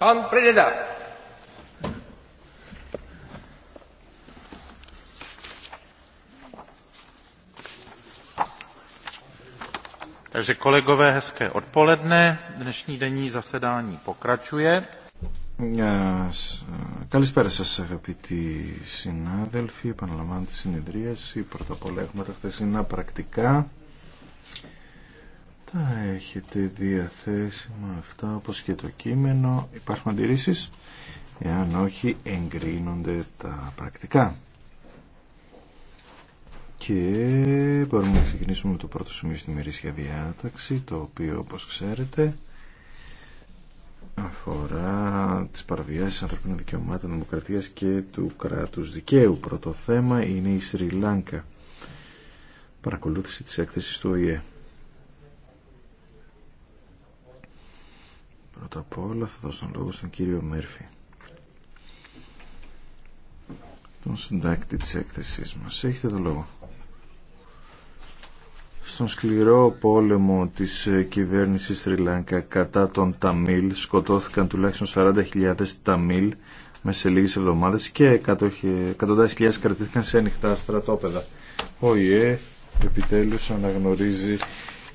Pan Preda. Takže kolegové, hezké odpoledne. Dnešní denní zasedání pokračuje. Καλησπέρα σας αγαπητοί συνάδελφοι, επαναλαμβάνω τη συνεδρίαση. Πρώτα απ' όλα έχουμε τα χτεσινά πρακτικά. Τα έχετε διαθέσιμα αυτά όπως και το κείμενο. Υπάρχουν αντιρρήσεις. Εάν όχι εγκρίνονται τα πρακτικά. Και μπορούμε να ξεκινήσουμε με το πρώτο σημείο στη μερίσια διάταξη, το οποίο όπως ξέρετε αφορά τις παραβιάσεις ανθρωπίνων δικαιωμάτων, δημοκρατίας και του κράτους δικαίου. Πρώτο θέμα είναι η Σρι Λάνκα. Παρακολούθηση της έκθεσης του ΟΗΕ. Πρώτα απ' όλα θα δώσω τον λόγο στον κύριο Μέρφυ τον συντάκτη της έκθεσής μας. Έχετε το λόγο. Στον σκληρό πόλεμο της κυβέρνησης Σριλάνκα κατά των Ταμίλ σκοτώθηκαν τουλάχιστον 40.000 Ταμίλ μέσα σε λίγες εβδομάδες και εκατοντάδες χιλιάδες κρατήθηκαν σε ανοιχτά στρατόπεδα. Ο ΙΕ επιτέλους αναγνωρίζει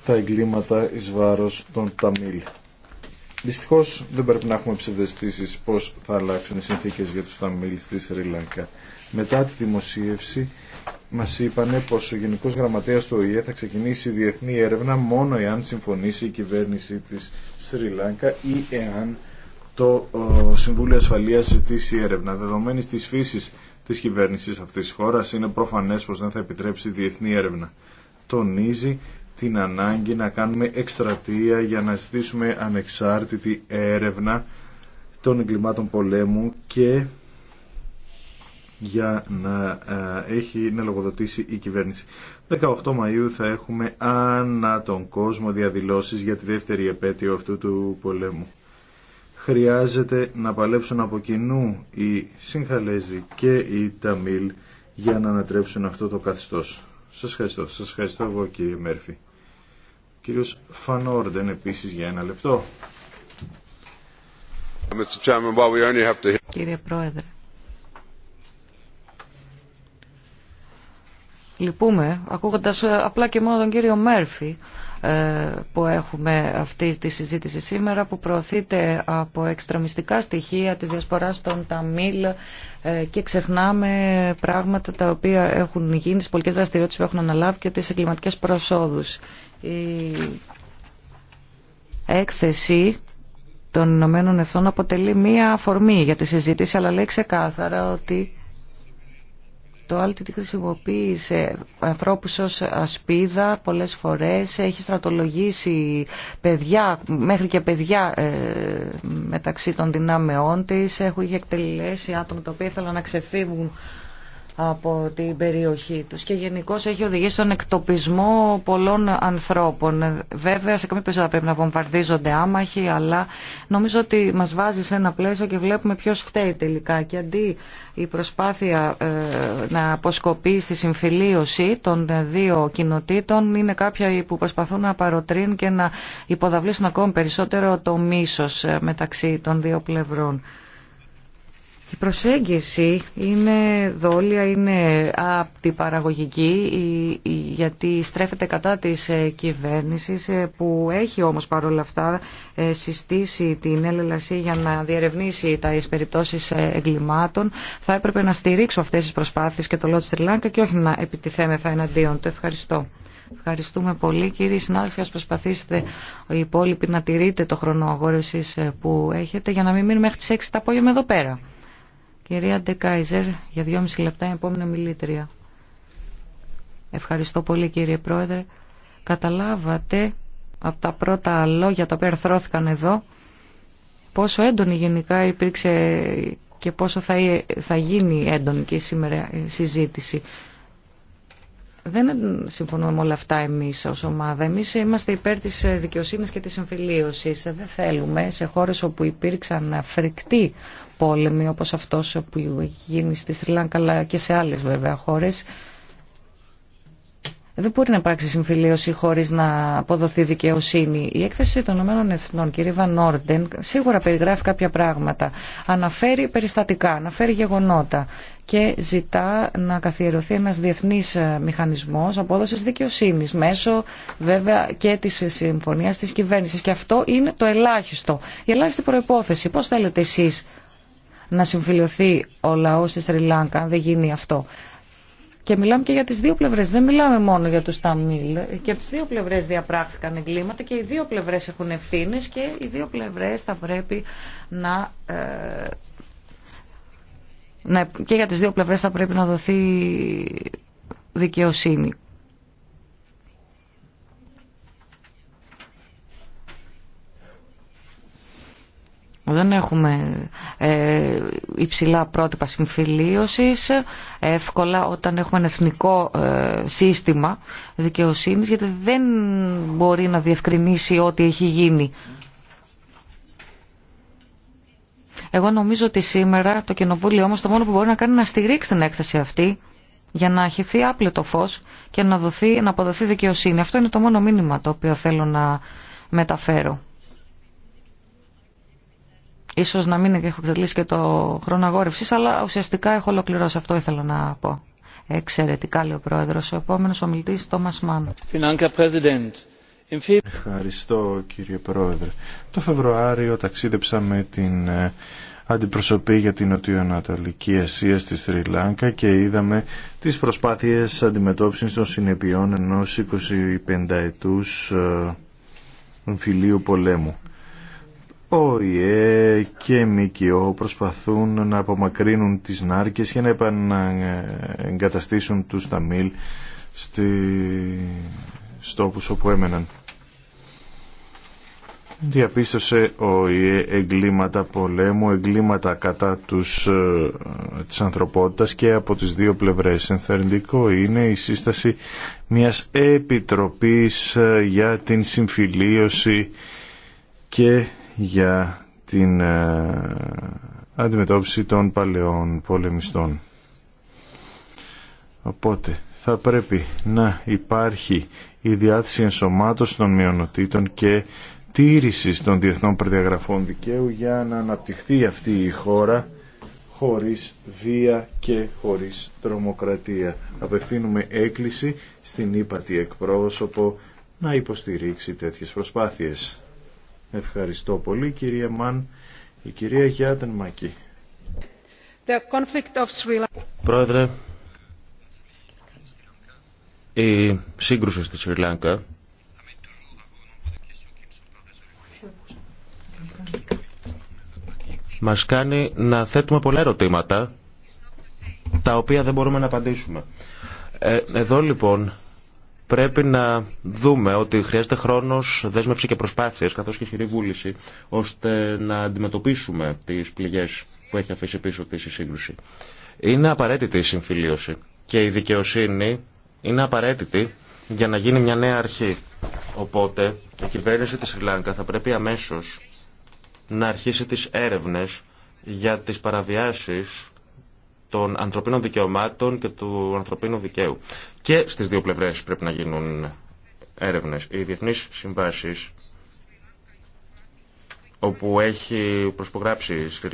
τα εγκλήματα εις βάρος των Ταμίλ. Δυστυχώ δεν πρέπει να έχουμε ψευδεστήσει πώ θα αλλάξουν οι συνθήκε για του Ταμίλ στη Σρι Μετά τη δημοσίευση Μα είπανε πω ο Γενικό Γραμματέα του ΟΗΕ θα ξεκινήσει διεθνή έρευνα μόνο εάν συμφωνήσει η κυβέρνηση τη Σρι ή εάν το Συμβούλιο Ασφαλείας ζητήσει έρευνα. Δεδομένη τη φύση τη κυβέρνηση αυτή τη χώρα είναι προφανέ πω δεν θα επιτρέψει διεθνή έρευνα. Τονίζει την ανάγκη να κάνουμε εκστρατεία για να ζητήσουμε ανεξάρτητη έρευνα των εγκλημάτων πολέμου και για να ε, έχει να λογοδοτήσει η κυβέρνηση. 18 Μαΐου θα έχουμε ανά τον κόσμο διαδηλώσεις για τη δεύτερη επέτειο αυτού του πολέμου. Χρειάζεται να παλέψουν από κοινού οι Συγχαλέζοι και οι Ταμίλ για να ανατρέψουν αυτό το καθεστώς. Σας ευχαριστώ. Σας ευχαριστώ εγώ κύριε Μέρφη κύριος Φανόρντεν επίσης για ένα λεπτό. Κύριε Πρόεδρε, λυπούμε ακούγοντας ε, απλά και μόνο τον κύριο Μέρφυ ε, που έχουμε αυτή τη συζήτηση σήμερα που προωθείται από εξτραμιστικά στοιχεία της διασποράς των Ταμίλ ε, και ξεχνάμε πράγματα τα οποία έχουν γίνει, τις πολιτικές δραστηριότητες που έχουν αναλάβει και τις εγκληματικές προσόδους. Η έκθεση των Ηνωμένων Εθνών αποτελεί μία αφορμή για τη συζήτηση αλλά λέει ξεκάθαρα ότι το τη χρησιμοποίησε ανθρώπους ως ασπίδα πολλές φορές, έχει στρατολογήσει παιδιά, μέχρι και παιδιά ε, μεταξύ των δυνάμεών της, έχει εκτελέσει άτομα τα οποία ήθελαν να ξεφύγουν από την περιοχή τους και γενικώ έχει οδηγήσει στον εκτοπισμό πολλών ανθρώπων. Βέβαια, σε καμία περίπτωση πρέπει να βομβαρδίζονται άμαχοι, αλλά νομίζω ότι μας βάζει σε ένα πλαίσιο και βλέπουμε ποιος φταίει τελικά. Και αντί η προσπάθεια ε, να αποσκοπεί στη συμφιλίωση των δύο κοινοτήτων είναι κάποια που προσπαθούν να παροτρύνουν και να υποδαβλήσουν ακόμη περισσότερο το μίσος ε, μεταξύ των δύο πλευρών. Η προσέγγιση είναι δόλια, είναι παραγωγική γιατί στρέφεται κατά της ε, κυβέρνησης ε, που έχει όμως παρόλα αυτά ε, συστήσει την έλελασή για να διερευνήσει τα περιπτώσεις εγκλημάτων. Θα έπρεπε να στηρίξω αυτές τις προσπάθειες και το λόγο της Τριλάνκα και όχι να επιτιθέμεθα εναντίον Το Ευχαριστώ. Ευχαριστούμε πολύ. Κύριοι συνάδελφοι, ας προσπαθήσετε οι υπόλοιποι να τηρείτε το χρόνο που έχετε για να μην μείνουμε μέχρι τις 6 τα απόγευμα εδώ πέρα. Κυρία Ντεκάιζερ, για δυόμιση λεπτά η επόμενη μιλήτρια. Ευχαριστώ πολύ κύριε Πρόεδρε. Καταλάβατε από τα πρώτα λόγια τα οποία αρθρώθηκαν εδώ πόσο έντονη γενικά υπήρξε και πόσο θα, θα γίνει έντονη και σήμερα συζήτηση. Δεν συμφωνούμε με όλα αυτά εμείς ως ομάδα. Εμείς είμαστε υπέρ της δικαιοσύνης και της εμφυλίωσης. Δεν θέλουμε σε χώρες όπου υπήρξαν φρικτοί πόλεμοι όπως αυτός που γίνει στη Σριλάνκα αλλά και σε άλλες βέβαια χώρες δεν μπορεί να υπάρξει συμφιλίωση χωρί να αποδοθεί δικαιοσύνη. Η έκθεση των Ηνωμένων Εθνών, κύριε Βαν Όρντεν, σίγουρα περιγράφει κάποια πράγματα. Αναφέρει περιστατικά, αναφέρει γεγονότα και ζητά να καθιερωθεί ένα διεθνή ε, μηχανισμό απόδοση δικαιοσύνη, μέσω βέβαια και τη συμφωνία τη κυβέρνηση. Και αυτό είναι το ελάχιστο. Η ελάχιστη προπόθεση. Πώ θέλετε εσεί να συμφιλειωθεί ο λαό τη Σρι αν δεν γίνει αυτό. Και μιλάμε και για τις δύο πλευρές, δεν μιλάμε μόνο για τους Ταμίλ. Και από τις δύο πλευρές διαπράχθηκαν εγκλήματα και οι δύο πλευρές έχουν ευθύνε και οι δύο πλευρές θα πρέπει να... Ε, και για τις δύο πλευρές θα πρέπει να δοθεί δικαιοσύνη. Δεν έχουμε ε, υψηλά πρότυπα συμφιλίωσης εύκολα όταν έχουμε ένα εθνικό ε, σύστημα δικαιοσύνης γιατί δεν μπορεί να διευκρινίσει ό,τι έχει γίνει. Εγώ νομίζω ότι σήμερα το Κοινοβούλιο όμως το μόνο που μπορεί να κάνει είναι να στηρίξει την έκθεση αυτή για να χυθεί το φως και να, δοθεί, να αποδοθεί δικαιοσύνη. Αυτό είναι το μόνο μήνυμα το οποίο θέλω να μεταφέρω. Ίσως να μην έχω εξαντλήσει και το χρόνο αγόρευσης, αλλά ουσιαστικά έχω ολοκληρώσει. Αυτό ήθελα να πω. Εξαιρετικά, λέει ο Πρόεδρος. Ο επόμενος ομιλητής, Τόμας Μάν. Ευχαριστώ, κύριε Πρόεδρε. Το Φεβρουάριο ταξίδεψα με την ε, αντιπροσωπή για την νοτιοανατολική Ασία στη Σρι Λάνκα και είδαμε τις προσπάθειες αντιμετώπισης των συνεπειών ενός 25 ετούς ε, εμφυλίου πολέμου. ΟΗΕ και ΜΚΟ προσπαθούν να απομακρύνουν τις νάρκες για να επαναγκαταστήσουν τους Ταμίλ στη... στόπους όπου έμεναν. Διαπίστωσε ο ΙΕ εγκλήματα πολέμου, εγκλήματα κατά τους, ε, της ανθρωπότητας και από τις δύο πλευρές. Ενθαρρυντικό είναι η σύσταση μιας επιτροπής ε, για την συμφιλίωση και για την ε, αντιμετώπιση των παλαιών πολεμιστών. Οπότε θα πρέπει να υπάρχει η διάθεση ενσωμάτωση των μειονοτήτων και τήρησης των διεθνών προδιαγραφών δικαίου για να αναπτυχθεί αυτή η χώρα χωρίς βία και χωρίς τρομοκρατία. Απευθύνουμε έκκληση στην ύπατη εκπρόσωπο να υποστηρίξει τέτοιες προσπάθειες. Ευχαριστώ πολύ κυρία Μαν. Η κυρία Γιάτεν Μακή. Πρόεδρε, η σύγκρουση στη Σρι Λάγκα μας κάνει να θέτουμε πολλά ερωτήματα τα οποία δεν μπορούμε να απαντήσουμε. Ε, εδώ λοιπόν πρέπει να δούμε ότι χρειάζεται χρόνος, δέσμευση και προσπάθειες, καθώς και ισχυρή βούληση, ώστε να αντιμετωπίσουμε τις πληγές που έχει αφήσει πίσω της η σύγκρουση. Είναι απαραίτητη η συμφιλίωση και η δικαιοσύνη είναι απαραίτητη για να γίνει μια νέα αρχή. Οπότε η κυβέρνηση της Σιλάνκα θα πρέπει αμέσως να αρχίσει τις έρευνες για τις παραβιάσεις των ανθρωπίνων δικαιωμάτων και του ανθρωπίνου δικαίου. Και στις δύο πλευρές πρέπει να γίνουν έρευνες. Οι διεθνείς συμβάσεις όπου έχει προσπογράψει η Σρι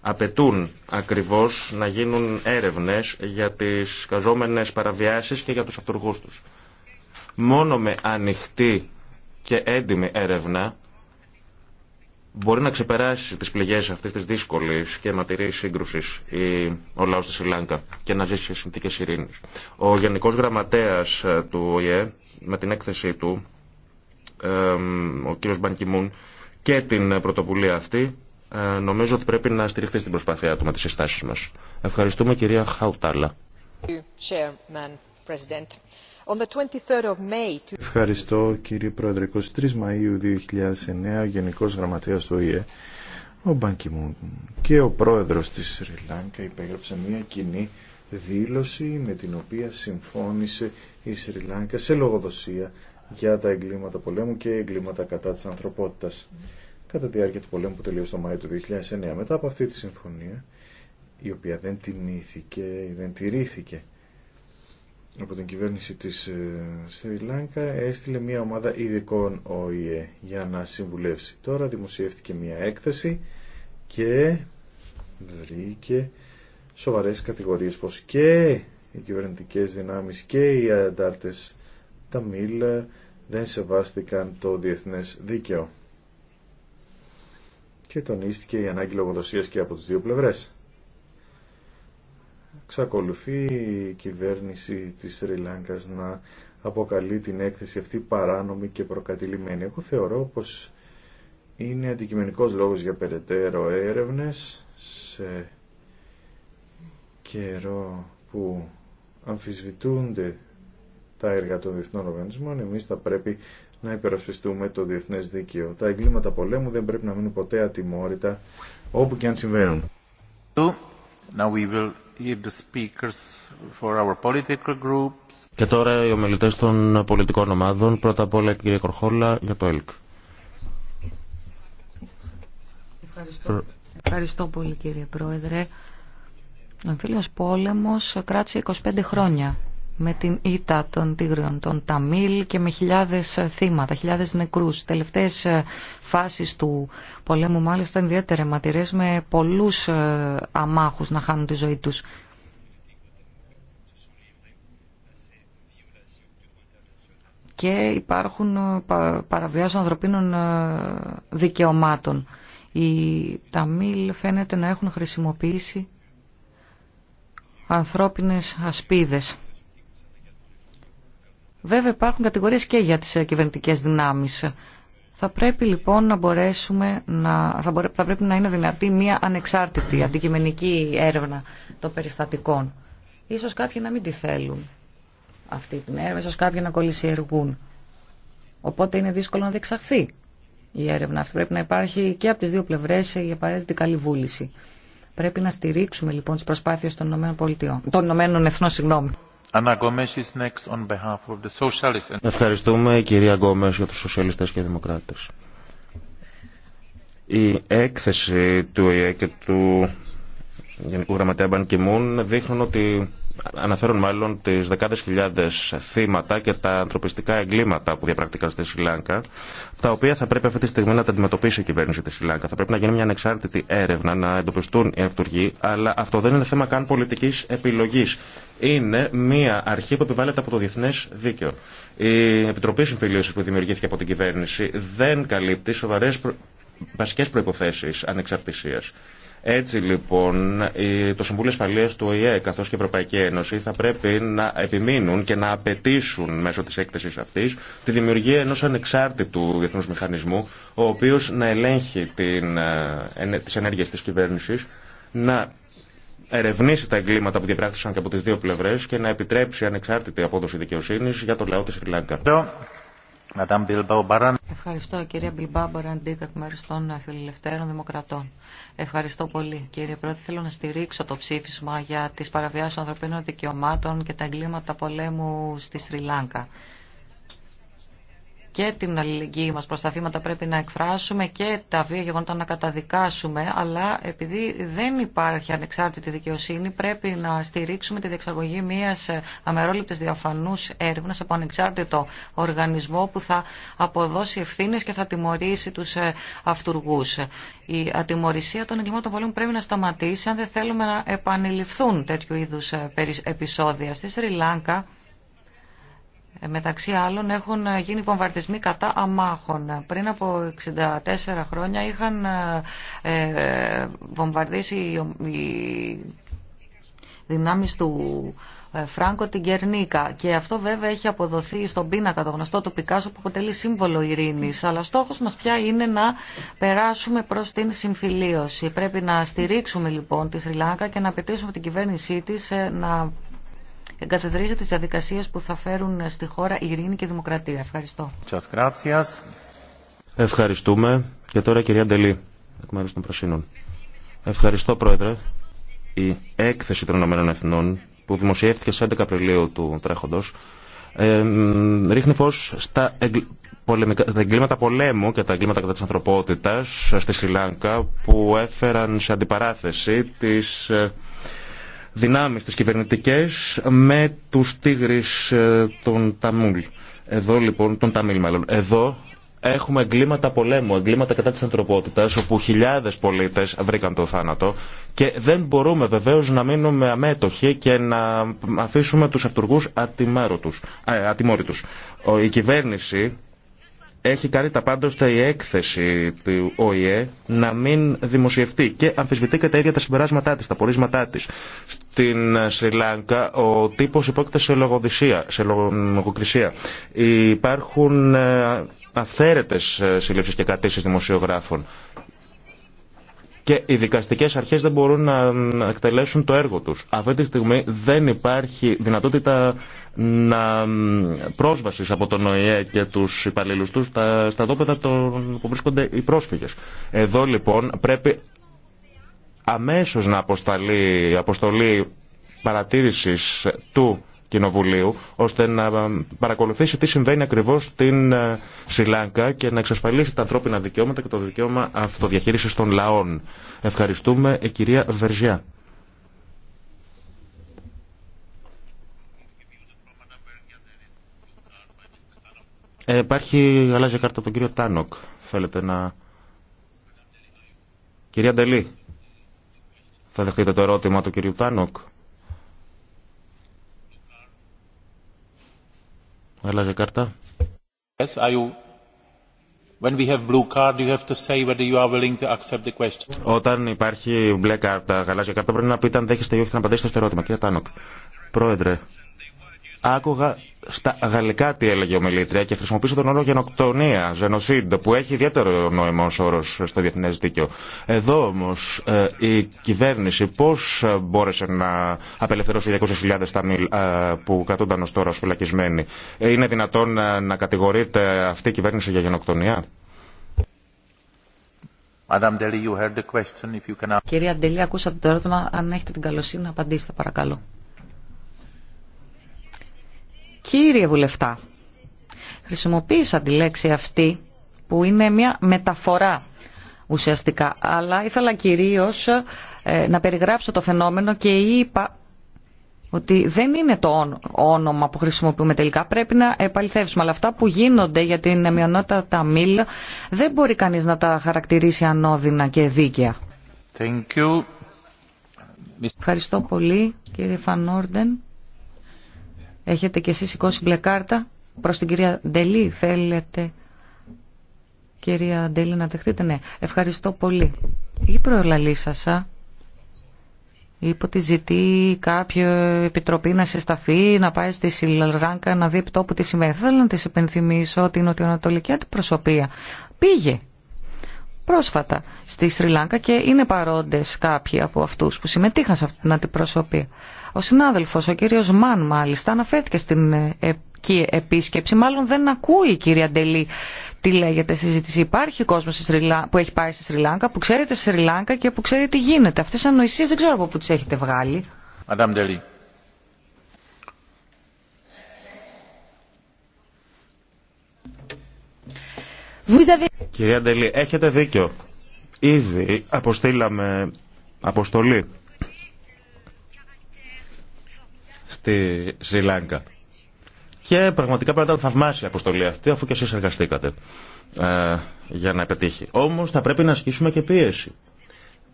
απαιτούν ακριβώς να γίνουν έρευνες για τις καζόμενες παραβιάσεις και για τους αυτοργούς τους. Μόνο με ανοιχτή και έντιμη έρευνα μπορεί να ξεπεράσει τις πληγές αυτής της δύσκολης και αιματηρή σύγκρουση, ο λαός της Σιλάνκα και να ζήσει σε συνθήκες ειρήνης. Ο Γενικός Γραμματέας ε, του ΟΗΕ με την έκθεσή του, ο κ. Μπανκιμούν, και την πρωτοβουλία αυτή, ε, νομίζω ότι πρέπει να στηριχθεί στην προσπάθειά του με τις συστάσεις μας. Ευχαριστούμε κυρία Χαουτάλα. Ευχαριστώ κύριε Πρόεδρε. 23 Μαΐου 2009 ο Γενικός Γραμματέας του ΟΗΕ, ο Μπανκιμούν και ο Πρόεδρος της Σρι υπέγραψε μια κοινή δήλωση με την οποία συμφώνησε η Σρι σε λογοδοσία για τα εγκλήματα πολέμου και εγκλήματα κατά της ανθρωπότητας κατά τη διάρκεια του πολέμου που τελείωσε το Μάιο του 2009. Μετά από αυτή τη συμφωνία, η οποία δεν τιμήθηκε, δεν τηρήθηκε από την κυβέρνηση της ε, Σρι έστειλε μια ομάδα ειδικών ΟΗΕ για να συμβουλεύσει. Τώρα δημοσιεύτηκε μια έκθεση και βρήκε σοβαρές κατηγορίες πως και οι κυβερνητικές δυνάμεις και οι αντάρτες Ταμίλ δεν σεβάστηκαν το διεθνές δίκαιο. Και τονίστηκε η ανάγκη λογοδοσίας και από τις δύο πλευρές. Ξακολουθεί η κυβέρνηση της Σρι Λάγκας να αποκαλεί την έκθεση αυτή παράνομη και προκατηλημένη. Εγώ θεωρώ πως είναι αντικειμενικός λόγος για περαιτέρω έρευνες σε καιρό που αμφισβητούνται τα έργα των διεθνών οργανισμών, εμείς θα πρέπει να υπερασπιστούμε το διεθνές δίκαιο. Τα εγκλήματα πολέμου δεν πρέπει να μείνουν ποτέ ατιμόρυτα όπου και αν συμβαίνουν. Και τώρα οι ομιλητές των πολιτικών ομάδων. Πρώτα απ' όλα κύριε Κορχόλα για το ΕΛΚ. Ευχαριστώ, Ευχαριστώ πολύ κύριε Πρόεδρε. Ο εμφύλιος πόλεμος κράτησε 25 χρόνια με την ήττα των τίγριων, των Ταμίλ και με χιλιάδες θύματα, χιλιάδες νεκρούς. Τελευταίες ε, φάσεις του πολέμου μάλιστα ιδιαίτερα ματηρές με πολλούς ε, αμάχους να χάνουν τη ζωή τους. Και υπάρχουν ε, παραβιάσεις ανθρωπίνων δικαιωμάτων. Οι Ταμίλ φαίνεται να έχουν χρησιμοποιήσει ανθρώπινες ασπίδες Βέβαια υπάρχουν κατηγορίες και για τις ε, κυβερνητικές δυνάμεις. Θα πρέπει λοιπόν να μπορέσουμε να, θα, πρέπει να είναι δυνατή μια ανεξάρτητη αντικειμενική έρευνα των περιστατικών. Ίσως κάποιοι να μην τη θέλουν αυτή την έρευνα, ίσως κάποιοι να κολλησιεργούν. Οπότε είναι δύσκολο να διεξαχθεί η έρευνα αυτή. Πρέπει να υπάρχει και από τις δύο πλευρές ε, η απαραίτητη καλή βούληση. Πρέπει να στηρίξουμε λοιπόν τις προσπάθειες των ΗΠΑ, των Ηνωμένων Εθνών, Ευχαριστούμε κυρία Γκόμες για τους σοσιαλιστές και δημοκράτες. Η έκθεση του ΙΕ και του Γενικού Γραμματέα Μπαν Κιμούν δείχνουν ότι αναφέρουν μάλλον τι δεκάδε χιλιάδε θύματα και τα ανθρωπιστικά εγκλήματα που διαπρακτικά στη Σιλάνκα, τα οποία θα πρέπει αυτή τη στιγμή να τα αντιμετωπίσει η κυβέρνηση της Σιλάνκα. Θα πρέπει να γίνει μια ανεξάρτητη έρευνα, να εντοπιστούν οι αυτούργοι, αλλά αυτό δεν είναι θέμα καν πολιτική επιλογή. Είναι μια αρχή που επιβάλλεται από το διεθνέ δίκαιο. Η Επιτροπή Συμφιλίωση που δημιουργήθηκε από την κυβέρνηση δεν καλύπτει σοβαρές βασικέ προποθέσει ανεξαρτησία. Έτσι λοιπόν, το Συμβούλιο Ασφαλείας του ΟΗΕ καθώ και η Ευρωπαϊκή Ένωση θα πρέπει να επιμείνουν και να απαιτήσουν μέσω τη έκθεση αυτή τη δημιουργία ενό ανεξάρτητου διεθνού μηχανισμού, ο οποίο να ελέγχει ε, τι ενέργειε τη κυβέρνηση, να ερευνήσει τα εγκλήματα που διαπράχθησαν και από τι δύο πλευρέ και να επιτρέψει ανεξάρτητη απόδοση δικαιοσύνη για το λαό τη Σρι Ευχαριστώ κυρία Μπιλμπάμπορα Ραντίκα εκ των Φιλελευθέρων Δημοκρατών. Ευχαριστώ πολύ κύριε Πρόεδρε. Θέλω να στηρίξω το ψήφισμα για τις παραβιάσεις ανθρωπίνων δικαιωμάτων και τα εγκλήματα πολέμου στη Σρι Λάγκα και την αλληλεγγύη μας προς τα θύματα πρέπει να εκφράσουμε και τα βία γεγονότα να καταδικάσουμε, αλλά επειδή δεν υπάρχει ανεξάρτητη δικαιοσύνη πρέπει να στηρίξουμε τη διεξαγωγή μιας αμερόληπτης διαφανούς έρευνας από ανεξάρτητο οργανισμό που θα αποδώσει ευθύνες και θα τιμωρήσει τους ε, αυτούργους. Η ατιμωρησία των εγκλημάτων πολέμου πρέπει να σταματήσει αν δεν θέλουμε να επανειληφθούν τέτοιου είδους ε, επεισόδια. Στη Σρι Λάγκα Μεταξύ άλλων έχουν γίνει βομβαρδισμοί κατά αμάχων. Πριν από 64 χρόνια είχαν ε, ε, βομβαρδίσει οι δυνάμεις του ε, Φράγκο την Κερνίκα. Και αυτό βέβαια έχει αποδοθεί στον πίνακα το γνωστό του Πικάσο που αποτελεί σύμβολο ειρήνης. Αλλά στόχος μας πια είναι να περάσουμε προς την συμφιλίωση. Πρέπει να στηρίξουμε λοιπόν τη Σρι και να απαιτήσουμε την κυβέρνησή τη να εγκαταστρέψει τις διαδικασίες που θα φέρουν στη χώρα ειρήνη και δημοκρατία. Ευχαριστώ. Ευχαριστούμε. Και τώρα κυρία Ντελή, εκ μέρους των Πρασίνων. Ευχαριστώ Πρόεδρε. Η έκθεση των Ηνωμένων Εθνών που δημοσιεύτηκε στις 11 Απριλίου του τρέχοντος ε, ρίχνει φως στα εγκλ... τα εγκλήματα πολέμου και τα εγκλήματα κατά της ανθρωπότητας στη Σιλάνκα που έφεραν σε αντιπαράθεση τις ε, δυνάμεις τις κυβερνητικές με τους τίγρεις ε, των Ταμούλ. Εδώ λοιπόν, των Ταμίλ μάλλον. Εδώ έχουμε εγκλήματα πολέμου, εγκλήματα κατά της ανθρωπότητας, όπου χιλιάδες πολίτες βρήκαν το θάνατο και δεν μπορούμε βεβαίως να μείνουμε αμέτωχοι και να αφήσουμε τους αυτούργους ε, ατιμόρυτους. Η κυβέρνηση έχει κάνει τα ώστε η έκθεση του ΟΗΕ να μην δημοσιευτεί και αμφισβητεί και τα ίδια τα συμπεράσματά τη, τα πορίσματά τη. Στην Σριλάνκα ο τύπο υπόκειται σε σε λογοκρισία. Υπάρχουν ε, αυθαίρετε συλλήψει και κρατήσει δημοσιογράφων και οι δικαστικές αρχές δεν μπορούν να εκτελέσουν το έργο τους. Αυτή τη στιγμή δεν υπάρχει δυνατότητα να πρόσβασης από τον ΟΗΕ και τους υπαλλήλους τους στα, στα δόπεδα των, που βρίσκονται οι πρόσφυγες. Εδώ λοιπόν πρέπει αμέσως να αποσταλεί αποστολή παρατήρησης του Κοινοβουλίου, ώστε να παρακολουθήσει τι συμβαίνει ακριβώ στην ε, Σιλάνκα και να εξασφαλίσει τα ανθρώπινα δικαιώματα και το δικαίωμα αυτοδιαχείριση των λαών. Ευχαριστούμε, η κυρία Βερζιά. Ε, υπάρχει γαλάζια κάρτα τον κύριο Τάνοκ. Θέλετε να... Κυρία Ντελή, θα δεχτείτε το ερώτημα του κυρίου Τάνοκ. Άλλαζε κάρτα. Yes, are you... When we have blue card, you have to say whether you are willing to accept the question. Όταν υπάρχει μπλε κάρτα, γαλάζια κάρτα, πρέπει να πείτε αν δέχεστε ή όχι να απαντήσετε στο ερώτημα. Κύριε Τάνοκ, πρόεδρε, άκουγα στα γαλλικά τι έλεγε ο Μιλήτρια και χρησιμοποίησε τον όρο γενοκτονία, γενοσύντ, που έχει ιδιαίτερο νόημα ω όρο στο διεθνέ δίκαιο. Εδώ όμω ε, η κυβέρνηση πώ ε, μπόρεσε να απελευθερώσει 200.000 ε, που κρατούνταν ω τώρα ως φυλακισμένοι. Είναι δυνατόν να κατηγορείται αυτή η κυβέρνηση για γενοκτονία. Κυρία Ντελή, ακούσατε το ερώτημα. Αν έχετε την καλοσύνη να απαντήσετε, παρακαλώ. Κύριε Βουλευτά, χρησιμοποίησα τη λέξη αυτή που είναι μια μεταφορά ουσιαστικά, αλλά ήθελα κυρίως ε, να περιγράψω το φαινόμενο και είπα ότι δεν είναι το όνομα που χρησιμοποιούμε τελικά. Πρέπει να επαληθεύσουμε. Αλλά αυτά που γίνονται για την μειονότητα τα δεν μπορεί κανείς να τα χαρακτηρίσει ανώδυνα και δίκαια. Thank you. Ευχαριστώ πολύ κύριε Φανόρντεν. Έχετε κι εσείς σηκώσει μπλε κάρτα προς την κυρία Ντελή. Θέλετε, κυρία Ντελή, να δεχτείτε. Ναι, ευχαριστώ πολύ. Η προλαλήσασα. Είπε ότι ζητεί κάποια επιτροπή να συσταθεί, να πάει στη Σιλράνκα να δει όπου τι συμβαίνει. Θέλω να τη υπενθυμίσω ότι η νοτιοανατολική αντιπροσωπεία πήγε πρόσφατα στη Σρι και είναι παρόντες κάποιοι από αυτούς που συμμετείχαν σε αυτή την αντιπροσωπεία. Ο συνάδελφο, ο κύριος Μαν μάλιστα, αναφέρθηκε στην ε, επίσκεψη. Μάλλον δεν ακούει η κυρία Ντελή τι λέγεται στη συζήτηση. Υπάρχει κόσμο που έχει πάει στη Σρι Λάγκα, που ξέρει τη Σρι Λάγκα και που ξέρει τι γίνεται. Αυτέ οι ανοησίε δεν ξέρω από πού τι έχετε βγάλει. Madame Κυρία Ντελή, έχετε δίκιο. Ήδη αποστήλαμε αποστολή στη Σρι Και πραγματικά πρέπει να ήταν θαυμάσια η αποστολή αυτή, αφού και εσεί εργαστήκατε ε, για να πετύχει. Όμω θα πρέπει να ασκήσουμε και πίεση.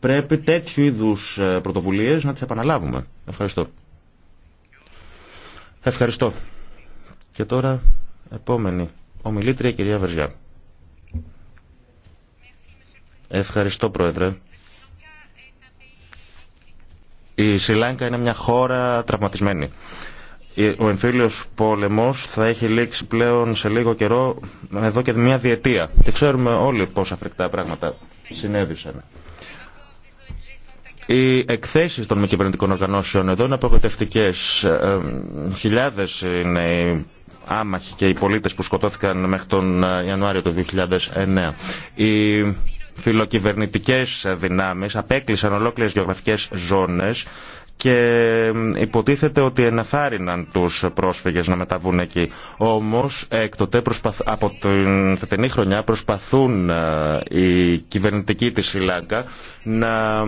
Πρέπει τέτοιου είδου ε, πρωτοβουλίε να τι επαναλάβουμε. Ευχαριστώ. Ευχαριστώ. Και τώρα, επόμενη ομιλήτρια, κυρία Βερζιά. Ευχαριστώ, Πρόεδρε. Η Σιλάνκα είναι μια χώρα τραυματισμένη. Ο εμφύλιος πόλεμος θα έχει λήξει πλέον σε λίγο καιρό, εδώ και μια διετία. Και ξέρουμε όλοι πόσα φρικτά πράγματα συνέβησαν. Οι εκθέσεις των μη κυβερνητικών οργανώσεων εδώ είναι απογοητευτικές. Χιλιάδες είναι οι άμαχοι και οι πολίτες που σκοτώθηκαν μέχρι τον ε, Ιανουάριο του 2009. Οι φιλοκυβερνητικές δυνάμεις απέκλεισαν ολόκληρες γεωγραφικές ζώνες και υποτίθεται ότι ενθάρρυναν τους πρόσφυγες να μεταβούν εκεί. Όμως έκτοτε από την φετινή χρονιά προσπαθούν ε, οι κυβερνητικοί της Ιλάκα να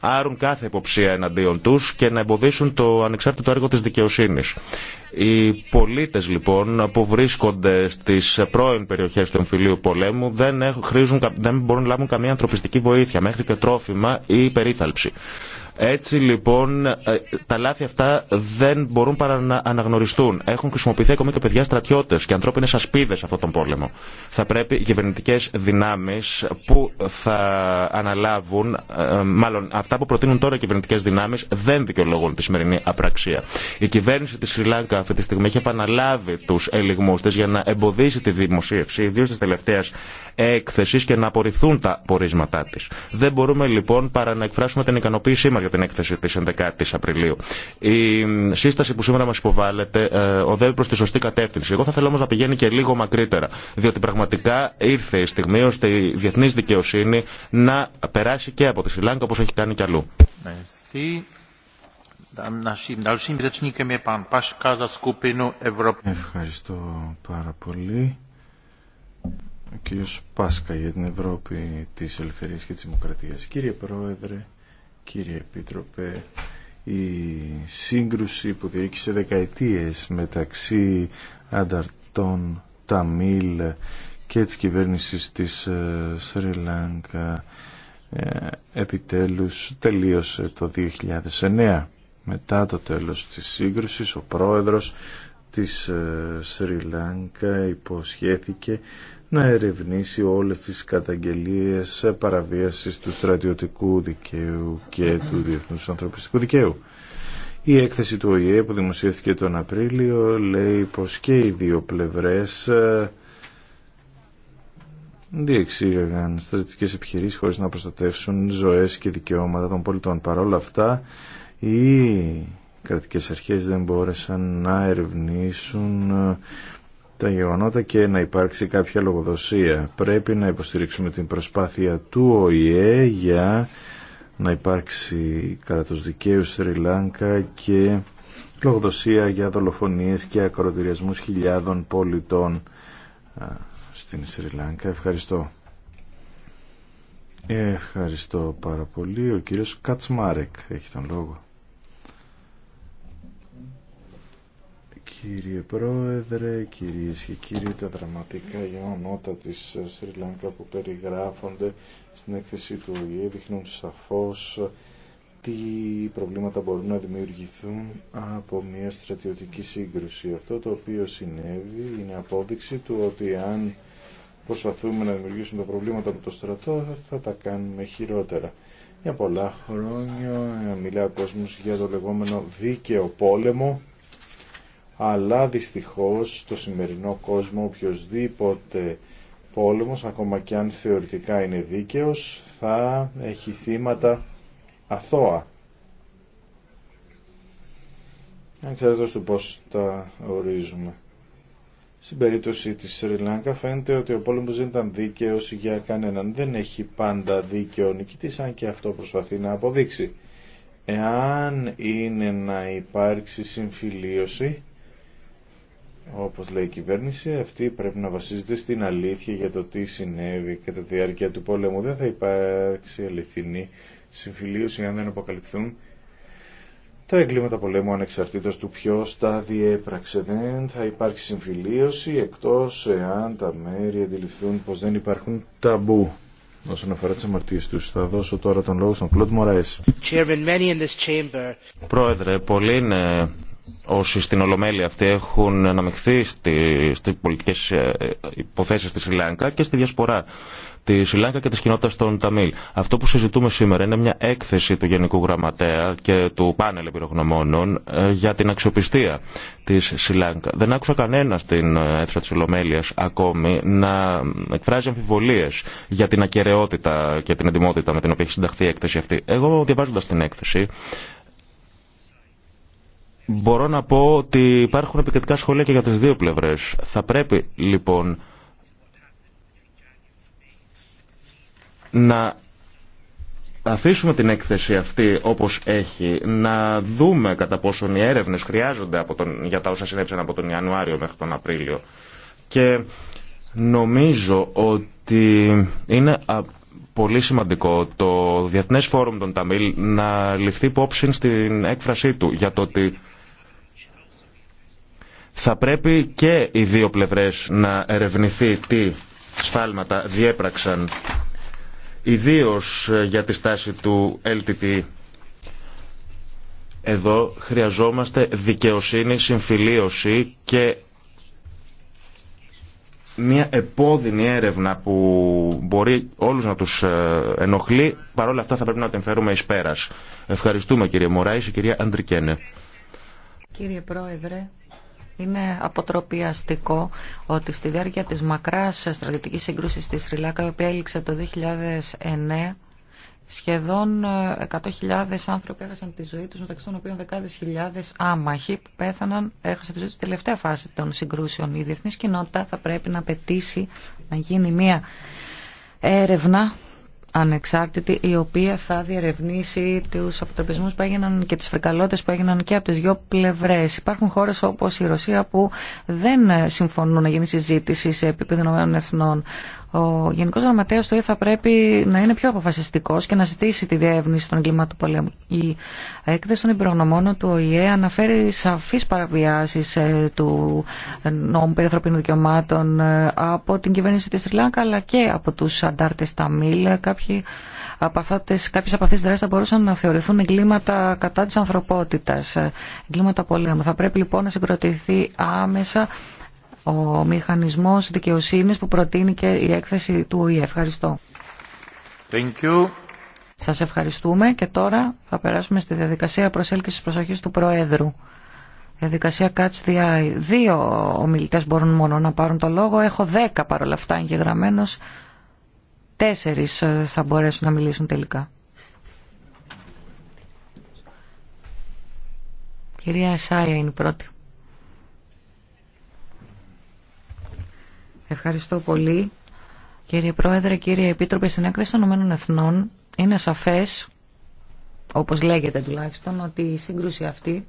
άρουν κάθε υποψία εναντίον τους και να εμποδίσουν το ανεξάρτητο έργο της δικαιοσύνης. Οι πολίτες λοιπόν που βρίσκονται στις πρώην περιοχές του εμφυλίου πολέμου δεν, έχουν, δεν μπορούν να λάβουν καμία ανθρωπιστική βοήθεια μέχρι και τρόφιμα ή περίθαλψη. Έτσι λοιπόν ε, τα λάθη αυτά δεν μπορούν παρά να αναγνωριστούν. Έχουν χρησιμοποιηθεί ακόμη και παιδιά στρατιώτε και ανθρώπινε ασπίδε σε αυτόν τον πόλεμο. Θα πρέπει οι κυβερνητικέ δυνάμει που θα αναλάβουν, ε, μάλλον αυτά που προτείνουν τώρα οι κυβερνητικέ δυνάμει δεν δικαιολογούν τη σημερινή απραξία. Η κυβέρνηση τη Σιλάνκα αυτή τη στιγμή έχει επαναλάβει του ελιγμού τη για να εμποδίσει τη δημοσίευση, ιδίω τη τελευταία έκθεση και να απορριφθούν τα πορίσματά τη. Δεν μπορούμε λοιπόν παρά να εκφράσουμε την ικανοποίησή μα για την έκθεση τη 11η Απριλίου. Η σύσταση που σήμερα μα υποβάλλεται ε, οδεύει προ τη σωστή κατεύθυνση. Εγώ θα θέλω όμω να πηγαίνει και λίγο μακρύτερα. Διότι πραγματικά ήρθε η στιγμή ώστε η διεθνή δικαιοσύνη να περάσει και από τη Σιλάνκα όπω έχει κάνει κι αλλού. Ευχαριστώ πάρα πολύ. Ο κύριος Πάσκα για την Ευρώπη της Ελευθερίας και της Δημοκρατίας. Κύριε Πρόεδρε, κύριε Επίτροπε, η σύγκρουση που διήκησε δεκαετίες μεταξύ ανταρτών Ταμίλ και της κυβέρνησης της ε, Σρι Λάγκα ε, επιτέλους τελείωσε το 2009. Μετά το τέλος της σύγκρουσης ο πρόεδρος της ε, Σρι Λάγκα υποσχέθηκε να ερευνήσει όλες τις καταγγελίες παραβίασης του στρατιωτικού δικαίου και του διεθνούς ανθρωπιστικού δικαίου. Η έκθεση του ΟΗΕ που δημοσιεύθηκε τον Απρίλιο λέει πως και οι δύο πλευρές ε, διεξήγαγαν στρατιωτικές επιχειρήσεις χωρίς να προστατεύσουν ζωές και δικαιώματα των πολιτών. Παρ' όλα αυτά, οι κρατικές αρχές δεν μπόρεσαν να ερευνήσουν ε, τα γεγονότα και να υπάρξει κάποια λογοδοσία. Πρέπει να υποστηρίξουμε την προσπάθεια του ΟΗΕ για να υπάρξει κράτος δικαίου Σρι Λάνκα και λογοδοσία για δολοφονίες και ακροτηριασμούς χιλιάδων πολιτών στην Σρι Λάνκα. Ευχαριστώ. Ευχαριστώ πάρα πολύ. Ο κύριος Κατσμάρεκ έχει τον λόγο. Κύριε Πρόεδρε, κυρίες και κύριοι, τα δραματικά γεγονότα της ε, Σρι Λάνκα που περιγράφονται στην έκθεση του ΟΗΕ δείχνουν σαφώς ε, τι προβλήματα μπορούν να δημιουργηθούν από μια στρατιωτική σύγκρουση. Αυτό το οποίο συνέβη είναι απόδειξη του ότι αν προσπαθούμε να δημιουργήσουμε τα προβλήματα με το στρατό θα τα κάνουμε χειρότερα. Για πολλά χρόνια ε, μιλάει ο κόσμος για το λεγόμενο δίκαιο πόλεμο αλλά δυστυχώς στο σημερινό κόσμο οποιοδήποτε πόλεμος, ακόμα και αν θεωρητικά είναι δίκαιος, θα έχει θύματα αθώα. Αν ξέρετε του πώς τα ορίζουμε. Στην περίπτωση της Σρι Λάγκα φαίνεται ότι ο πόλεμος δεν ήταν δίκαιος για κανέναν. Δεν έχει πάντα δίκαιο νικητής, αν και αυτό προσπαθεί να αποδείξει. Εάν είναι να υπάρξει συμφιλίωση, όπως λέει η κυβέρνηση, αυτή πρέπει να βασίζεται στην αλήθεια για το τι συνέβη κατά τη διάρκεια του πόλεμου. Δεν θα υπάρξει αληθινή συμφιλίωση αν δεν αποκαλυφθούν τα εγκλήματα πολέμου ανεξαρτήτως του ποιο τα διέπραξε. Δεν θα υπάρξει συμφιλίωση εκτός εάν τα μέρη αντιληφθούν πως δεν υπάρχουν ταμπού. Όσον αφορά τι αμαρτίε του, θα δώσω τώρα τον λόγο στον Κλοντ Πρόεδρε, πολλοί είναι όσοι στην Ολομέλεια αυτή έχουν αναμειχθεί στις πολιτικές ε, υποθέσεις της Σιλάνκα και στη διασπορά τη Σιλάνκα και τη κοινότητα των Ταμίλ. Αυτό που συζητούμε σήμερα είναι μια έκθεση του Γενικού Γραμματέα και του πάνελ επιρογνωμόνων ε, για την αξιοπιστία τη Σιλάνκα. Δεν άκουσα κανένα στην ε, αίθουσα τη Ολομέλεια ακόμη να εκφράζει αμφιβολίε για την ακαιρεότητα και την εντυμότητα με την οποία έχει συνταχθεί η έκθεση αυτή. Εγώ διαβάζοντα την έκθεση Μπορώ να πω ότι υπάρχουν επικριτικά σχόλια και για τις δύο πλευρές. Θα πρέπει λοιπόν να αφήσουμε την έκθεση αυτή όπως έχει, να δούμε κατά πόσον οι έρευνες χρειάζονται από τον, για τα όσα συνέβησαν από τον Ιανουάριο μέχρι τον Απρίλιο. Και νομίζω ότι είναι πολύ σημαντικό το Διεθνές Φόρουμ των Ταμίλ να ληφθεί υπόψη στην έκφρασή του για το ότι θα πρέπει και οι δύο πλευρές να ερευνηθεί τι σφάλματα διέπραξαν, ιδίως ε, για τη στάση του LTT. Εδώ χρειαζόμαστε δικαιοσύνη, συμφιλίωση και μια επώδυνη έρευνα που μπορεί όλους να τους ε, ενοχλεί, παρόλα αυτά θα πρέπει να την φέρουμε εις πέρας. Ευχαριστούμε κύριε Μωράης και κυρία Αντρικένε. Κύριε Πρόεδρε, είναι αποτροπιαστικό ότι στη διάρκεια της μακράς στρατιωτικής συγκρούσης στη Σριλάκα, η οποία έληξε το 2009, Σχεδόν 100.000 ε, άνθρωποι έχασαν τη ζωή τους, μεταξύ των οποίων δεκάδες χιλιάδες άμαχοι που πέθαναν έχασαν τη ζωή τους στη τελευταία φάση των συγκρούσεων. Η διεθνής κοινότητα θα πρέπει να απαιτήσει να γίνει μια έρευνα ανεξάρτητη η οποία θα διερευνήσει τους αποτροπισμούς που έγιναν και τις φρικαλότητες που έγιναν και από τις δυο πλευρές. Υπάρχουν χώρες όπως η Ρωσία που δεν συμφωνούν να γίνει συζήτηση σε επίπεδο εθνών. Ο Γενικό Γραμματέα του ΕΕ θα πρέπει να είναι πιο αποφασιστικό και να ζητήσει τη διεύνηση των εγκλημάτων πολέμου. Η έκθεση των υπερογνωμών του ΟΗΕ αναφέρει σαφεί παραβιάσει ε, του νόμου περί ανθρωπίνων δικαιωμάτων ε, από την κυβέρνηση τη Σριλάνκα αλλά και από του αντάρτε Ταμίλ. Κάποιοι από αυτές, κάποιες από αυτές τις δράσεις θα μπορούσαν να θεωρηθούν εγκλήματα κατά της ανθρωπότητας, ε, εγκλήματα πολέμου. Θα πρέπει λοιπόν να συγκροτηθεί άμεσα ο μηχανισμός δικαιοσύνης που προτείνει και η έκθεση του ΟΗΕ. Ευχαριστώ. Thank you. Σας ευχαριστούμε και τώρα θα περάσουμε στη διαδικασία προσέλκυσης προσοχής του Προέδρου. Διαδικασία Catch the Eye. Δύο ομιλητές μπορούν μόνο να πάρουν το λόγο. Έχω δέκα παρόλα αυτά εγγεγραμμένος. Τέσσερις ε, θα μπορέσουν να μιλήσουν τελικά. Κυρία Εσάια είναι η πρώτη. Ευχαριστώ πολύ. Κύριε Πρόεδρε, κύριε Επίτροπε, στην έκθεση των Ηνωμένων Εθνών είναι σαφές, όπως λέγεται τουλάχιστον, ότι η σύγκρουση αυτή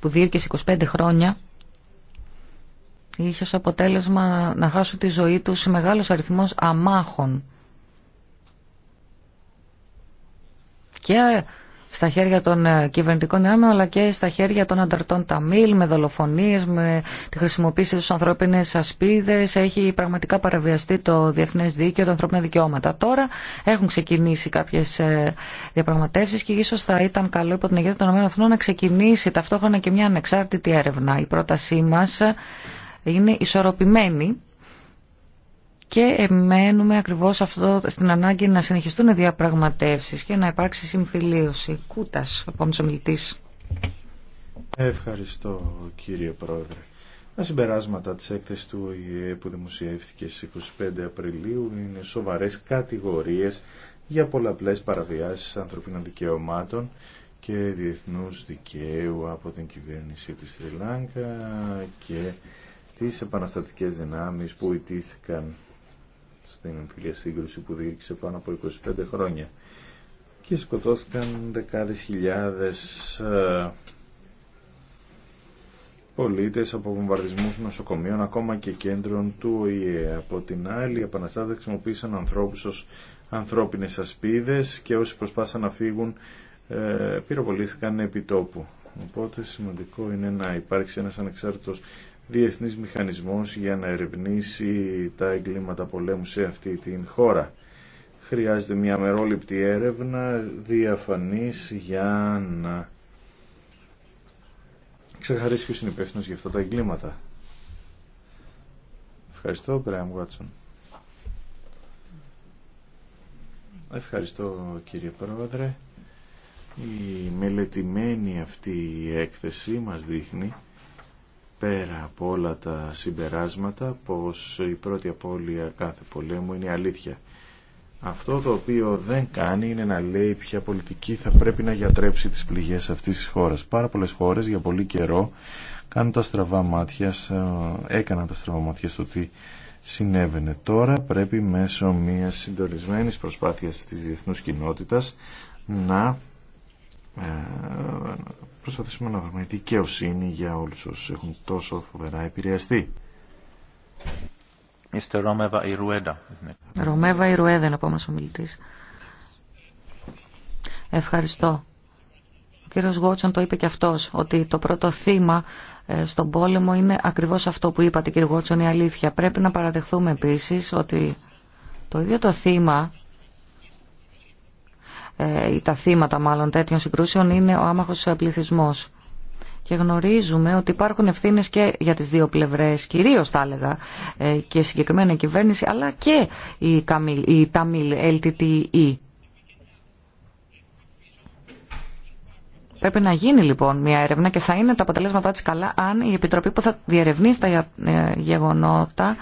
που διήρκεσε 25 χρόνια είχε ως αποτέλεσμα να χάσουν τη ζωή τους σε μεγάλος αριθμός αμάχων. Και στα χέρια των ε, κυβερνητικών δυνάμεων αλλά και στα χέρια των ανταρτών ταμίλ με δολοφονίες, με τη χρησιμοποίηση στους ανθρώπινες ασπίδες. Έχει πραγματικά παραβιαστεί το διεθνές δίκαιο, τα ανθρώπινα δικαιώματα. Τώρα έχουν ξεκινήσει κάποιες ε, διαπραγματεύσεις και ίσως θα ήταν καλό υπό την αιγύρια των ΗΠΑ να ξεκινήσει ταυτόχρονα και μια ανεξάρτητη έρευνα. Η πρότασή μας είναι ισορροπημένη και μένουμε ακριβώς αυτό στην ανάγκη να συνεχιστούν οι διαπραγματεύσεις και να υπάρξει συμφιλίωση. Κούτας, επόμενος ομιλητής. Ευχαριστώ κύριε Πρόεδρε. Τα συμπεράσματα της έκθεσης του ΟΗΕ που δημοσιεύθηκε στις 25 Απριλίου είναι σοβαρές κατηγορίες για πολλαπλές παραβιάσεις ανθρωπίνων δικαιωμάτων και διεθνούς δικαίου από την κυβέρνηση της Σριλάνκα και τις επαναστατικές δυνάμεις που ιτήθηκαν στην εμφυλία σύγκρουση που διήρξε πάνω από 25 χρόνια και σκοτώθηκαν δεκάδες χιλιάδες ε, πολίτες από βομβαρδισμούς νοσοκομείων ακόμα και κέντρων του ΟΗΕ. Από την άλλη, οι επαναστάτες χρησιμοποίησαν ανθρώπους ως ανθρώπινες ασπίδες και όσοι προσπάθησαν να φύγουν ε, πυροβολήθηκαν επί τόπου. Οπότε σημαντικό είναι να υπάρξει ένας ανεξάρτητος διεθνής μηχανισμός για να ερευνήσει τα εγκλήματα πολέμου σε αυτή την χώρα. Χρειάζεται μια μερόληπτη έρευνα διαφανής για να ξεχαρίσει ποιος είναι υπεύθυνος για αυτά τα εγκλήματα. Ευχαριστώ, Γκράιμ Βάτσον. Ευχαριστώ, κύριε Πρόεδρε. Η μελετημένη αυτή η έκθεση μας δείχνει πέρα από όλα τα συμπεράσματα πως η πρώτη απώλεια κάθε πολέμου είναι η αλήθεια. Αυτό το οποίο δεν κάνει είναι να λέει ποια πολιτική θα πρέπει να γιατρέψει τις πληγές αυτής της χώρας. Πάρα πολλές χώρες για πολύ καιρό κάνουν τα στραβά μάτια, ε, έκαναν τα στραβά μάτια στο τι συνέβαινε. Τώρα πρέπει μέσω μιας συντονισμένης προσπάθειας της διεθνούς κοινότητας να ε, προσπαθήσουμε να βρούμε δικαιοσύνη για όλους όσους έχουν τόσο φοβερά επηρεαστεί. Είστε Ρωμέβα Ιρουέντα. Ρωμέβα Ιρουέντα είναι ο επόμενος ομιλητής. Ευχαριστώ. Ο κύριος Γότσον το είπε και αυτός, ότι το πρώτο θύμα ε, στον πόλεμο είναι ακριβώς αυτό που είπατε κύριε Γότσον, η αλήθεια. Πρέπει να παραδεχθούμε επίσης ότι το ίδιο το θύμα ή ε, τα θύματα μάλλον τέτοιων συγκρούσεων είναι ο άμαχος πληθυσμό. Και γνωρίζουμε ότι υπάρχουν ευθύνες και για τις δύο πλευρές, κυρίως θα έλεγα ε, και συγκεκριμένα η κυβέρνηση, αλλά και η, η Ταμίλ, LTTE. Πρέπει να γίνει λοιπόν μια έρευνα και θα είναι τα αποτελέσματά της καλά αν η Επιτροπή που θα διερευνήσει τα ε, γεγονότα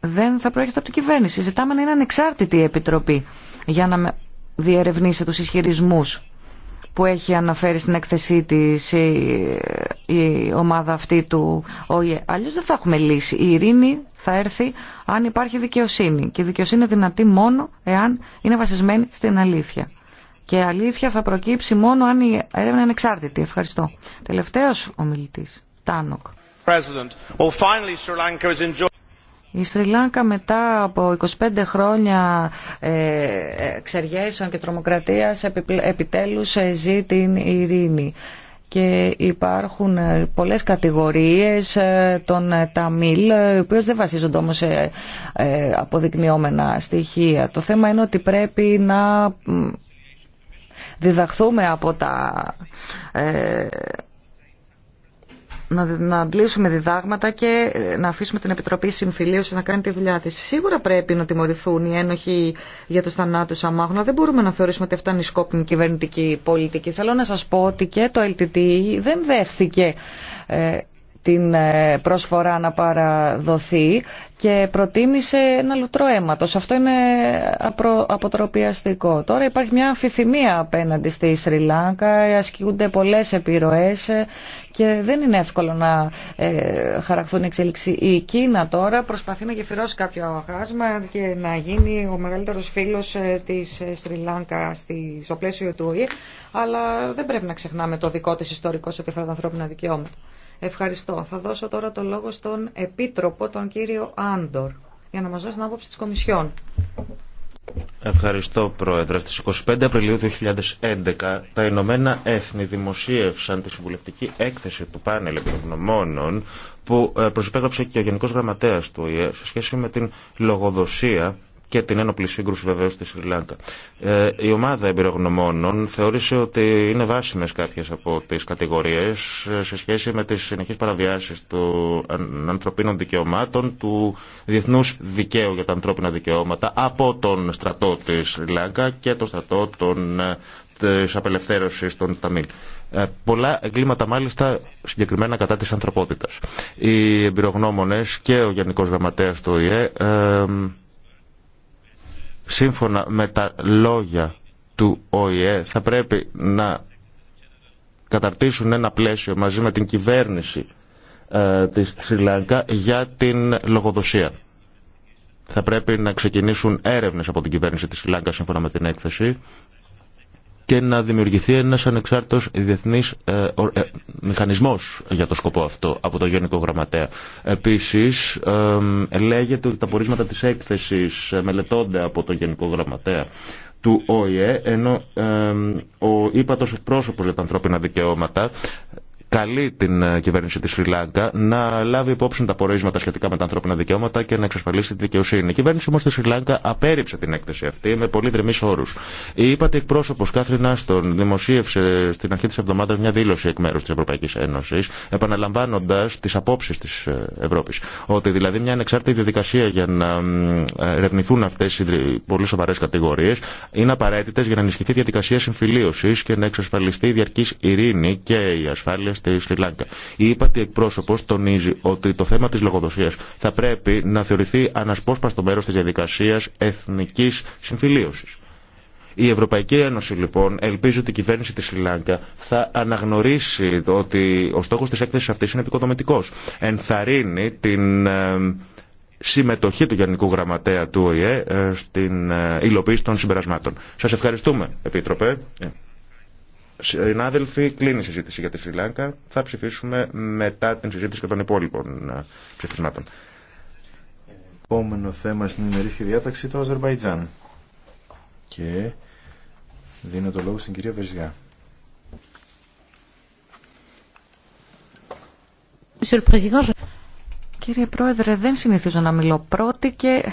δεν θα προέρχεται από την κυβέρνηση. Ζητάμε να είναι ανεξάρτητη η Επιτροπή για να διερευνήσει τους ισχυρισμούς που έχει αναφέρει στην έκθεσή της η, ομάδα αυτή του ΟΗΕ. Αλλιώς δεν θα έχουμε λύση. Η ειρήνη θα έρθει αν υπάρχει δικαιοσύνη. Και η δικαιοσύνη είναι δυνατή μόνο εάν είναι βασισμένη στην αλήθεια. Και η αλήθεια θα προκύψει μόνο αν η έρευνα είναι εξάρτητη. Ευχαριστώ. Τελευταίος ο μιλητής, Τάνοκ. Η Στριλάνκα μετά από 25 χρόνια ε, εξεργέσεων και τρομοκρατίας επιτέλους ε, ζει την ειρήνη και υπάρχουν ε, πολλές κατηγορίες των ταμίλ, οι οποίες δεν βασίζονται όμως σε αποδεικνυόμενα στοιχεία. Το θέμα είναι ότι πρέπει να διδαχθούμε από τα να, να αντλήσουμε διδάγματα και ε, να αφήσουμε την Επιτροπή Συμφιλίωση να κάνει τη δουλειά της. Σίγουρα πρέπει να τιμωρηθούν οι ένοχοι για του θανάτους αμάχων. Δεν μπορούμε να θεωρήσουμε ότι αυτά είναι η σκόπιμη κυβερνητική πολιτική. Θέλω να σας πω ότι και το LTT δεν δέχθηκε ε, την ε, προσφορά να παραδοθεί και προτίμησε ένα λουτρό αίματος. Αυτό είναι αποτροπιαστικό. Τώρα υπάρχει μια αμφιθυμία απέναντι στη Σρι Λάγκα, ασκούνται πολλές επιρροές ε, και δεν είναι εύκολο να ε, χαραχθούν εξέλιξη. Η Κίνα τώρα προσπαθεί να γεφυρώσει κάποιο χάσμα και να γίνει ο μεγαλύτερος φίλος της Σρι Λάγκα στο πλαίσιο του ΟΗΕ, αλλά δεν πρέπει να ξεχνάμε το δικό της ιστορικό σε ό,τι ανθρώπινα δικαιώματα. Ευχαριστώ. Θα δώσω τώρα το λόγο στον Επίτροπο, τον κύριο Άντορ, για να μας δώσει την άποψη της Κομισιόν. Ευχαριστώ, Πρόεδρε. Στις 25 Απριλίου 2011, τα Ηνωμένα Έθνη δημοσίευσαν τη συμβουλευτική έκθεση του πάνελ επιγνωμόνων που ε, προσυπέγραψε και ο Γενικός Γραμματέας του ΟΗΕ σε σχέση με την λογοδοσία και την ένοπλη σύγκρουση βεβαίω στη Σρι Ε, η ομάδα εμπειρογνωμόνων θεώρησε ότι είναι βάσιμε κάποιε από τι κατηγορίε ε, σε σχέση με τι συνεχεί παραβιάσει των ανθρωπίνων δικαιωμάτων, του διεθνού δικαίου για τα ανθρώπινα δικαιώματα από τον στρατό τη Σρι και τον στρατό των ε, τη απελευθέρωση των Ταμίλ. Ε, πολλά εγκλήματα μάλιστα συγκεκριμένα κατά της ανθρωπότητας. Οι εμπειρογνώμονε και ο Γενικός Γραμματέας του ΟΗΕ ε, σύμφωνα με τα λόγια του ΟΗΕ θα πρέπει να καταρτήσουν ένα πλαίσιο μαζί με την κυβέρνηση ε, της Σιλάνκα για την λογοδοσία. Θα πρέπει να ξεκινήσουν έρευνες από την κυβέρνηση της Σιλάνκα σύμφωνα με την έκθεση και να δημιουργηθεί ένας ανεξάρτητος διεθνής ε, ε, μηχανισμός για το σκοπό αυτό από το Γενικό Γραμματέα. Επίσης, λέγεται ότι τα πορίσματα της έκθεσης ε, μελετώνται από το Γενικό Γραμματέα του ΟΗΕ, ενώ ο ύπατος πρόσωπος για τα ανθρώπινα δικαιώματα καλεί την ε, κυβέρνηση τη Σρι Λάγκα να λάβει υπόψη τα πορίσματα σχετικά με τα ανθρώπινα δικαιώματα και να εξασφαλίσει τη δικαιοσύνη. Η κυβέρνηση όμω τη Σρι Λάγκα απέρριψε την έκθεση αυτή με πολύ δρεμεί όρου. Η ύπατη εκπρόσωπο Κάθριν Άστον δημοσίευσε στην αρχή τη εβδομάδα μια δήλωση εκ μέρου τη Ευρωπαϊκή Ένωση, επαναλαμβάνοντα τι απόψει τη ε, Ευρώπη. Ότι δηλαδή μια ανεξάρτητη διαδικασία για να ε, ερευνηθούν αυτέ οι πολύ σοβαρέ κατηγορίε είναι απαραίτητε για να ενισχυθεί διαδικασία συμφιλίωση και να εξασφαλιστεί η διαρκή ειρήνη και η ασφάλεια στη Σρι Λάγκα. Η ύπατη εκπρόσωπο τονίζει ότι το θέμα τη λογοδοσία θα πρέπει να θεωρηθεί ανασπόσπαστο μέρο τη διαδικασία εθνική συμφιλίωση. Η Ευρωπαϊκή Ένωση λοιπόν ελπίζει ότι η κυβέρνηση της Σιλάνκα θα αναγνωρίσει ότι ο στόχος της έκθεσης αυτής είναι επικοδομητικός. Ενθαρρύνει την ε, συμμετοχή του Γενικού Γραμματέα του ΟΗΕ ε, στην ε, υλοποίηση των συμπερασμάτων. Σας ευχαριστούμε, Επίτροπε. Συνάδελφοι, κλείνει η συζήτηση για τη Σρι Λάγκα. Θα ψηφίσουμε μετά την συζήτηση και των υπόλοιπων ε, ψηφισμάτων. Επόμενο θέμα στην ημερήσια διάταξη το Αζερβαϊτζάν. Και δίνω το λόγο στην κυρία Βεζιά. Κύριε Πρόεδρε, δεν συνηθίζω να μιλώ πρώτη και